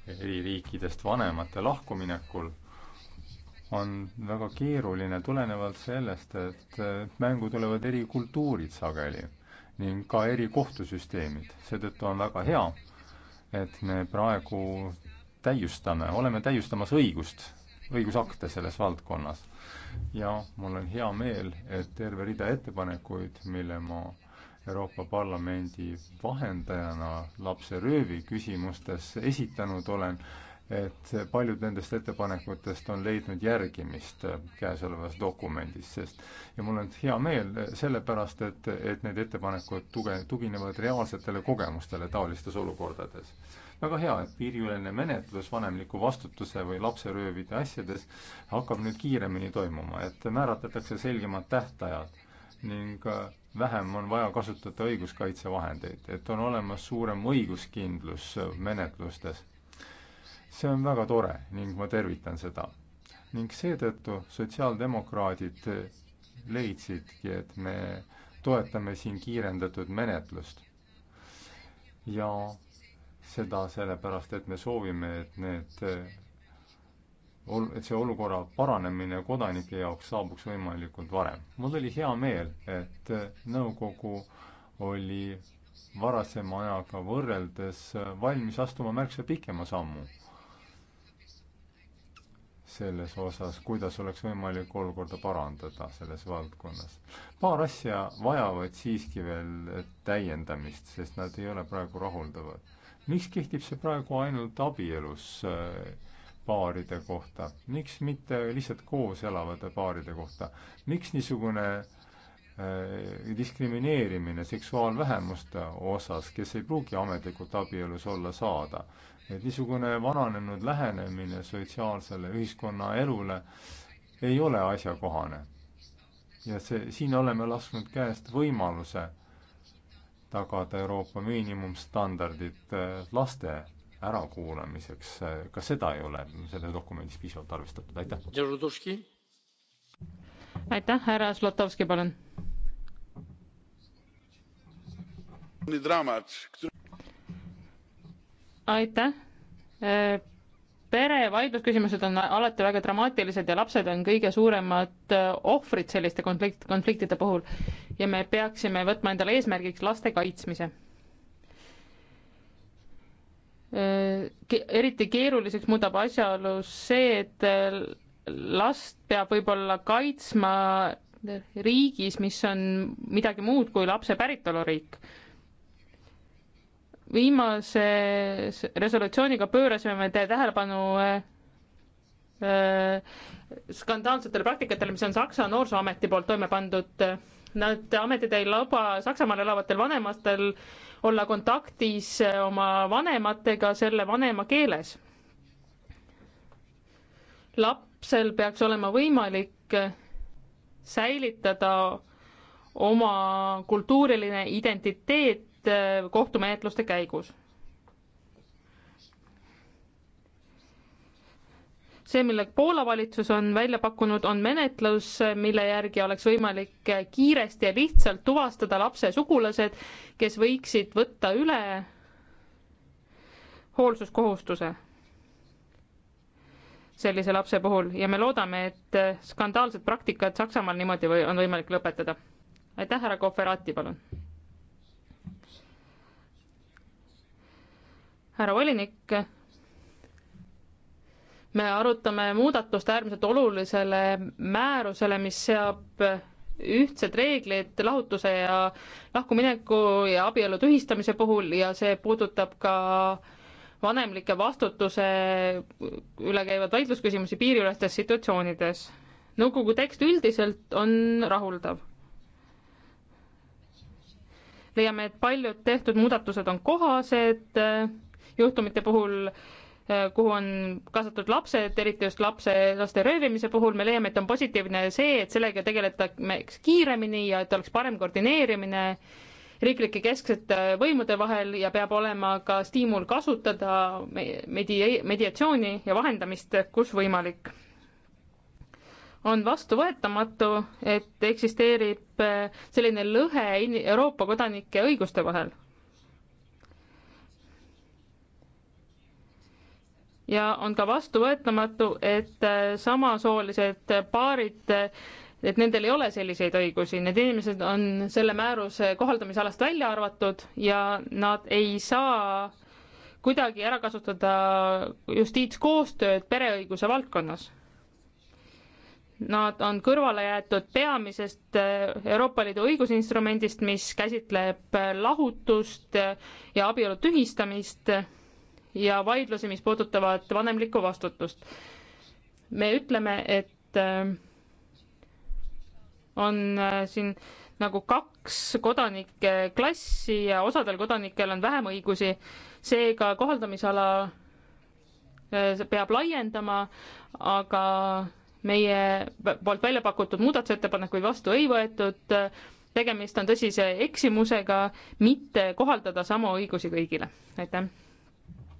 eri riikidest vanemate lahkuminekul on väga keeruline tulenevalt sellest, et äh, mängu tulevad eri kultuurid sageli ning ka eri kohtusüsteemid. seetõttu on väga hea, et me praegu täiustame, oleme täiustamas õigust, õigusakte selles valdkonnas. ja mul on hea meel, et terve rida ettepanekuid, mille ma Euroopa Parlamendi vahendajana lapseröövi küsimustes esitanud olen, et paljud nendest ettepanekutest on leidnud järgimist käesolevas dokumendis, sest ja mul on hea meel sellepärast, et, et need ettepanekud tuge, tuginevad reaalsetele kogemustele taolistes olukordades. väga hea, et piiriülene menetlus vanemliku vastutuse või lapseröövide asjades hakkab nüüd kiiremini toimuma, et määratletakse selgemad tähtajad ning vähem on vaja kasutada õiguskaitsevahendeid, et on olemas suurem õiguskindlus menetlustes see on väga tore ning ma tervitan seda. ning seetõttu sotsiaaldemokraadid leidsidki, et me toetame siin kiirendatud menetlust. ja seda sellepärast, et me soovime, et need, et see olukorra paranemine kodanike jaoks saabuks võimalikult varem. mul oli hea meel, et nõukogu oli varasema ajaga võrreldes valmis astuma märksa pikema sammu selles osas, kuidas oleks võimalik olukorda parandada selles valdkonnas. paar asja vajavad siiski veel täiendamist, sest nad ei ole praegu rahuldavad. miks kehtib see praegu ainult abielus äh, paaride kohta, miks mitte lihtsalt koos elavate paaride kohta, miks niisugune äh, diskrimineerimine seksuaalvähemuste osas, kes ei pruugi ametlikult abielus olla saada et niisugune vananenud lähenemine sotsiaalsele ühiskonnaelule ei ole asjakohane. ja see, siin oleme lasknud käest võimaluse tagada Euroopa miinimumstandardid äh, laste ärakuulamiseks, ka seda ei ole selles dokumendis piisavalt arvestatud, aitäh. aitäh, härra Zlotovski, palun. dramat aitäh. Äh, pere vaidlusküsimused on alati väga dramaatilised ja lapsed on kõige suuremad äh, ohvrid selliste konflikt, konfliktide puhul ja me peaksime võtma endale eesmärgiks laste kaitsmise äh, Ke eriti keeruliseks muudab asjaolu see, et last peab võib-olla kaitsma riigis, mis on midagi muud kui lapse päritoluriik viimase resolutsiooniga pöörasime me tähelepanu äh, äh, skandaalsetele praktikatele, mis on Saksa Noorsooameti poolt toime pandud. Nad, ametid ei luba Saksamaal elavatel vanematel olla kontaktis äh, oma vanematega selle vanema keeles. lapsel peaks olema võimalik säilitada oma kultuuriline identiteet Eh, kohtumenetluste käigus. see, mille Poola valitsus on välja pakkunud, on menetlus, mille järgi oleks võimalik eh, kiiresti ja lihtsalt tuvastada lapse sugulased, kes võiksid võtta üle hoolsuskohustuse sellise lapse puhul ja me loodame, et eh, skandaalsed praktikad Saksamaal niimoodi või on võimalik lõpetada. aitäh, härra Kohverati, palun härra volinik, me arutame muudatust äärmiselt olulisele määrusele, mis seab ühtsed reeglid lahutuse ja lahkumineku ja abielu tühistamise puhul ja see puudutab ka vanemlike vastutuse üle käivad vaidlusküsimusi piiriülestes situatsioonides. nõukogu tekst üldiselt on rahuldav. leiame, et paljud tehtud muudatused on kohased juhtumite puhul, äh, kuhu on kaasatud lapsed, eriti just lapse, laste röövimise puhul, me leiame, et on positiivne see, et sellega tegeletaks kiiremini ja et oleks parem koordineerimine riiklike kesksete võimude vahel ja peab olema ka stiimul kasutada medi-, mediatsiooni ja vahendamist, kus võimalik. on vastuvõetamatu, et eksisteerib äh, selline lõhe Euroopa kodanike õiguste vahel ja on ka vastuvõetamatu, et äh, samasoolised paarid, et nendel ei ole selliseid õigusi, need inimesed on selle määruse kohaldamisalast välja arvatud ja nad ei saa kuidagi ära kasutada justiitskoostööd pereõiguse valdkonnas. Nad on kõrvale jäetud peamisest äh, Euroopa Liidu õigusinstrumendist, mis käsitleb äh, lahutust ja abielu tühistamist ja vaidlusi, mis puudutavad vanemlikku vastutust. me ütleme, et äh, on äh, siin nagu kaks kodanike klassi ja osadel kodanikel on vähem õigusi, seega kohaldamisala äh, peab laiendama, aga meie poolt välja pakutud muudatusettepanekuid vastu ei võetud, tegemist on tõsise eksimusega mitte kohaldada samu õigusi kõigile, aitäh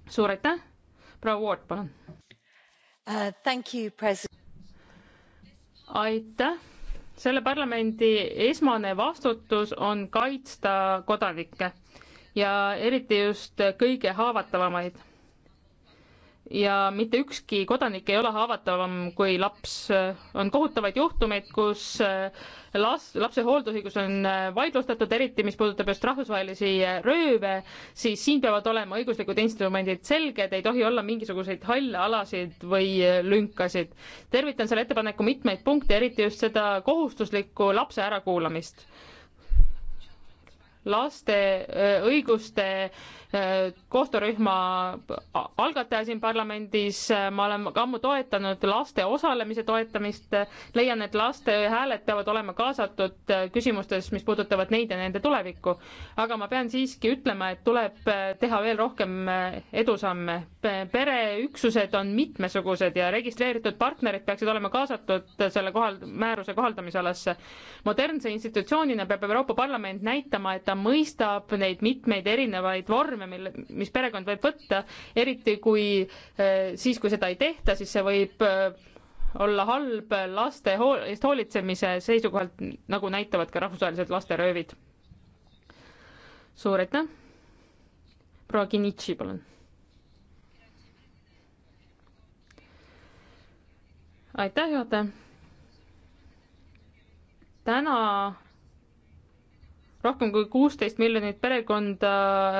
suur aitäh, proua Ward, palun uh,. aitäh, selle parlamendi esmane vastutus on kaitsta kodanikke ja eriti just kõige haavatavamaid ja mitte ükski kodanik ei ole haavatavam kui laps. on kohutavaid juhtumeid, kus eh, las-, lapse hooldusõigus on eh, vaidlustatud, eriti mis puudutab just rahvusvahelisi eh, rööve, siis siin peavad olema õiguslikud instrumendid selged, ei tohi olla mingisuguseid halle alasid või lünkasid. tervitan selle ettepaneku mitmeid punkte, eriti just seda kohustuslikku lapse ärakuulamist laste õiguste kohturühma algataja siin parlamendis, ma olen ammu toetanud laste osalemise toetamist, leian, et laste hääled peavad olema kaasatud küsimustes, mis puudutavad neid ja nende tulevikku. aga ma pean siiski ütlema, et tuleb teha veel rohkem edusamme. pereüksused on mitmesugused ja registreeritud partnerid peaksid olema kaasatud selle kohal, määruse kohaldamisalasse. modernse institutsioonina peab Euroopa Parlament näitama, et ta mõistab neid mitmeid erinevaid vorme, vorme, mille, mis perekond võib võtta, eriti kui eh, siis, kui seda ei tehta, siis see võib eh, olla halb laste hool, eest hoolitsemise seisukohalt, nagu näitavad ka rahvusvahelised lasteröövid. suur aitäh. proua Kinnitši, palun. aitäh, juhataja. täna rohkem kui kuusteist miljonit perekonda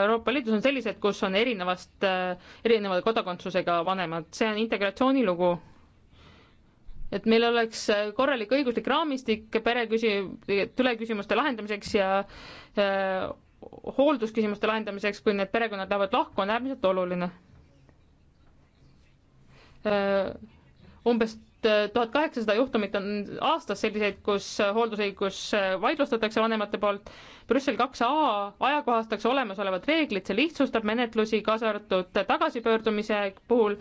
Euroopa Liidus on sellised, kus on erinevast, äh, erineva kodakondsusega vanemad, see on integratsioonilugu. et meil oleks äh, korralik õiguslik raamistik pereküsi-, tuleküsimuste lahendamiseks ja, ja äh, hooldusküsimuste lahendamiseks, kui need perekonnad lähevad lahku, on äärmiselt oluline. umbes Äh, tuhat kaheksasada juhtumit on aastas selliseid, kus äh, hooldusõigus äh, vaidlustatakse vanemate poolt. Brüssel kaks A ajakohastatakse olemasolevad reeglid, see lihtsustab menetlusi, kaasa arvatud tagasipöördumise puhul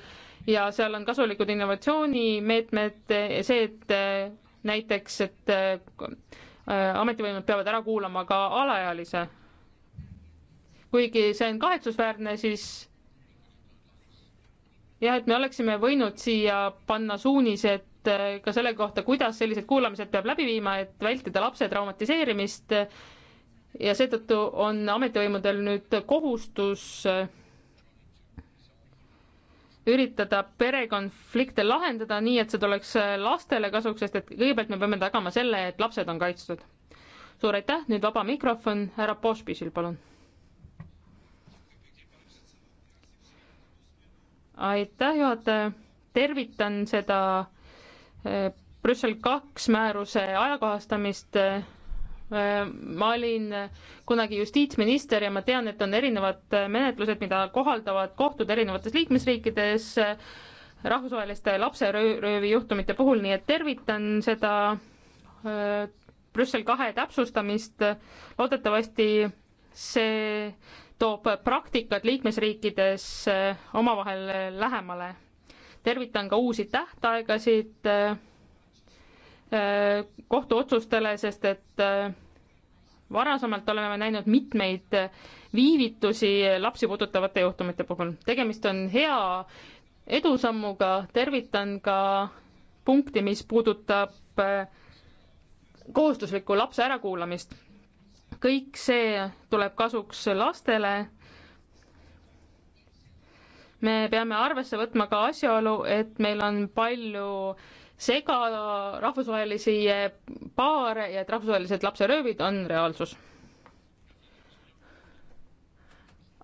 ja seal on kasulikud innovatsioonimeetmed, see, et näiteks, et ametivõimud peavad ära kuulama ka alaealise. kuigi see on kahetsusväärne, siis jah, et me oleksime võinud siia panna suunised äh, ka selle kohta, kuidas sellised kuulamised peab läbi viima, et vältida lapse traumatiseerimist. ja seetõttu on ametivõimudel nüüd kohustus äh, üritada perekonflikte lahendada nii, et see tuleks äh, lastele kasuks, sest et kõigepealt me peame tagama selle, et lapsed on kaitstud. suur aitäh, nüüd vaba mikrofon, härra Pospisil, palun aitäh, juhataja. tervitan seda eh, Brüssel kaks määruse ajakohastamist. Eh, ma olin kunagi justiitsminister ja ma tean, et on erinevad eh, menetlused, mida kohaldavad kohtud erinevates liikmesriikides rahvusvaheliste lapseröövi juhtumite puhul, nii et tervitan seda Brüssel kahe täpsustamist. loodetavasti see toob praktikad liikmesriikides eh, omavahel eh, lähemale. tervitan ka uusi tähtaegasid eh, kohtuotsustele, sest et varasemalt oleme näinud mitmeid viivitusi lapsi puudutavate juhtumite puhul. tegemist on hea edusammuga, tervitan ka punkti, mis puudutab kohustuslikku lapse ärakuulamist kõik see tuleb kasuks lastele. me peame arvesse võtma ka asjaolu, et meil on palju sega rahvusvahelisi paare ja et rahvusvahelised lapseröövid on reaalsus.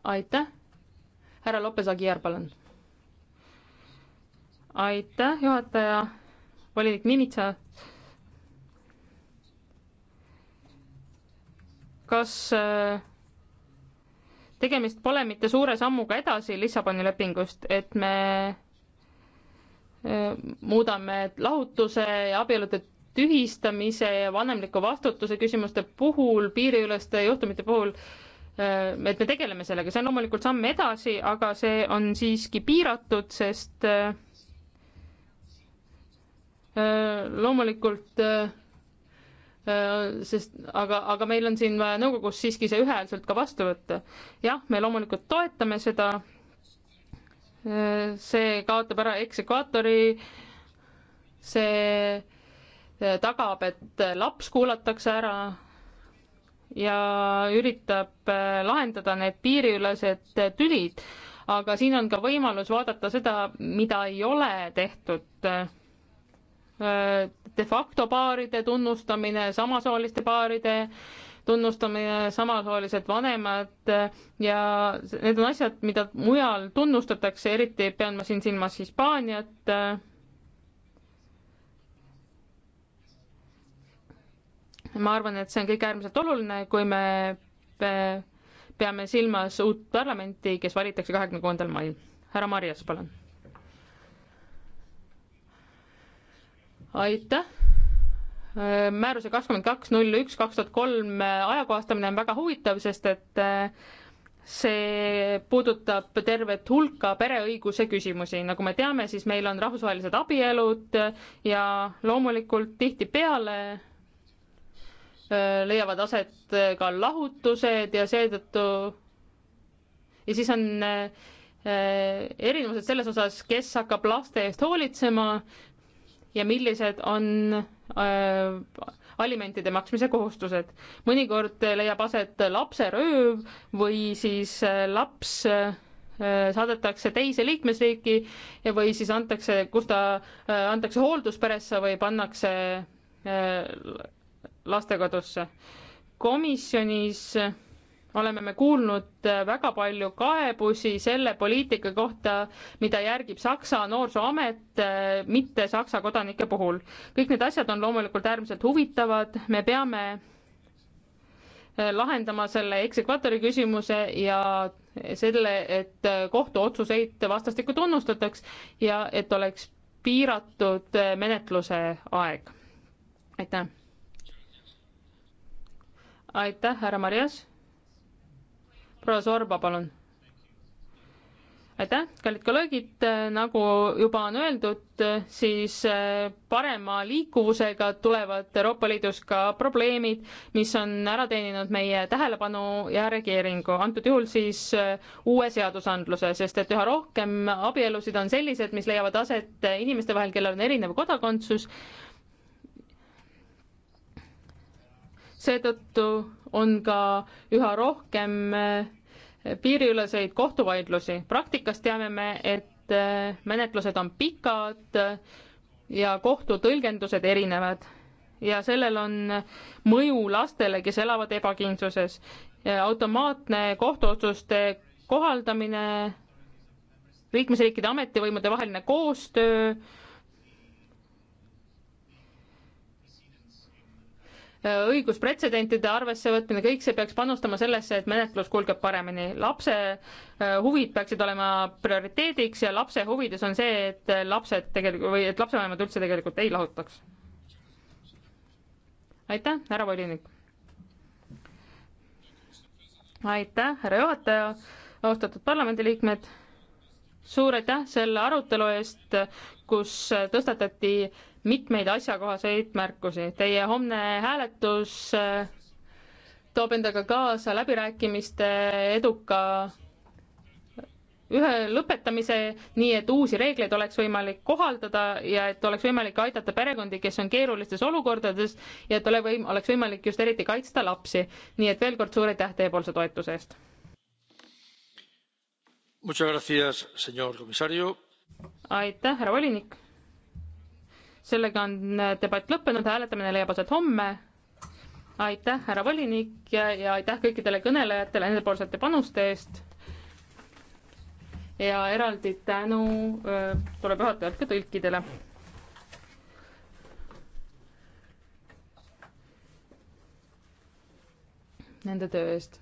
aitäh, härra Lopes-Agiar, palun. aitäh, juhataja, volinik Minitsa kas äh, tegemist pole mitte suure sammuga edasi Lissaboni lepingust, et me äh, muudame lahutuse ja abielude tühistamise ja vanemliku vastutuse küsimuste puhul, piiriüleste juhtumite puhul, äh, et me tegeleme sellega, see on loomulikult samm edasi, aga see on siiski piiratud, sest loomulikult Äh, sest aga, aga meil on siin vaja nõukogus siiski see ühehäälselt ka vastu võtta. jah, me loomulikult toetame seda, äh, see kaotab ära eksekvaatori, see äh, tagab, et laps kuulatakse ära ja üritab lahendada need piiriülesed tülid, aga siin on ka võimalus vaadata seda, mida ei ole tehtud de facto paaride tunnustamine, samasooliste paaride tunnustamine, samasoolised vanemad ja need on asjad, mida mujal tunnustatakse, eriti pean ma siin silmas Hispaaniat. ma arvan, et see on kõik äärmiselt oluline, kui me peame silmas uut parlamenti, kes valitakse kahekümne kuuendal mail. härra Marjas, palun aitäh! Äh, määruse kakskümmend kaks null üks kaks tuhat kolm äh, ajakohastamine on väga huvitav, sest et äh, see puudutab tervet hulka pereõiguse küsimusi, nagu me teame, siis meil on rahvusvahelised abielud ja loomulikult tihtipeale leiavad aset ka lahutused ja seetõttu ja siis on erinevused selles osas, kes hakkab laste eest hoolitsema, ja millised on äh, alimentide maksmise kohustused. mõnikord leiab aset lapserööv või siis äh, laps äh, saadetakse teise liikmesriiki ja, või siis antakse, kus ta äh, antakse hooldusperesse või pannakse äh, lastekodusse. komisjonis äh, oleme me kuulnud äh, väga palju kaebusi selle poliitika kohta, mida järgib Saksa noorsooamet äh, mitte Saksa kodanike puhul. kõik need asjad on loomulikult äärmiselt huvitavad, me peame äh, lahendama selle eksekvatori küsimuse ja selle, et kohtuotsuseid vastastikku tunnustataks ja et oleks piiratud menetluse aeg. aitäh. aitäh, härra Marias proua Sorba, palun. aitäh, kallid kolleegid, nagu juba on öeldud, siis eh, parema liikuvusega tulevad Euroopa Liidus ka probleemid, mis on ära teeninud meie tähelepanu ja reageeringu, antud juhul siis eh, uue seadusandluse, sest et üha rohkem abielusid on sellised, mis leiavad aset inimeste vahel, kellel on erinev kodakondsus seetõttu on ka üha rohkem eh, piiriüleseid kohtuvaidlusi. praktikas teame me, et eh, menetlused on pikad eh, ja kohtutõlgendused erinevad ja sellel on mõju lastele, kes elavad ebakindsuses. automaatne kohtuotsuste kohaldamine, liikmesriikide ametivõimude vaheline koostöö õiguspretsedentide arvessevõtmine, kõik see peaks panustama sellesse, et menetlus kulgeb paremini. lapse äh, huvid peaksid olema prioriteediks ja lapse huvides on see, et lapsed tegelikult või et lapsevanemad üldse tegelikult ei lahutaks. aitäh, härra volinik. aitäh, härra juhataja, austatud parlamendiliikmed. suur aitäh selle arutelu eest, kus tõstatati mitmeid asjakohaseid märkusi. Teie homne hääletus äh, toob endaga kaasa läbirääkimiste eduka äh, ühe lõpetamise, nii et uusi reegleid oleks võimalik kohaldada ja et oleks võimalik aidata perekondi, kes on keerulistes olukordades ja et ole võim-, oleks võimalik just eriti kaitsta lapsi. nii et veel kord suur aitäh teiepoolse toetuse eest. aitäh, härra volinik sellega on äh, debatt lõppenud, hääletamine leiab aset homme. aitäh, härra volinik ja, ja aitäh kõikidele kõnelejatele nendepoolsete panuste eest. ja eraldi tänu öö, äh, tuleb juhatajalt ka tõlkidele. Nende töö eest.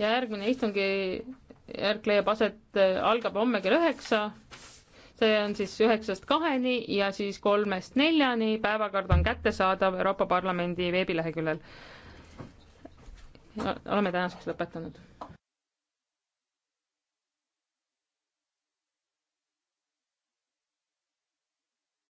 ja järgmine istungi järg leiab aset, äh, algab homme kell üheksa, see on siis üheksast kaheni ja siis kolmest neljani, päevakord on kättesaadav Euroopa Parlamendi veebileheküljel. oleme tänaseks lõpetanud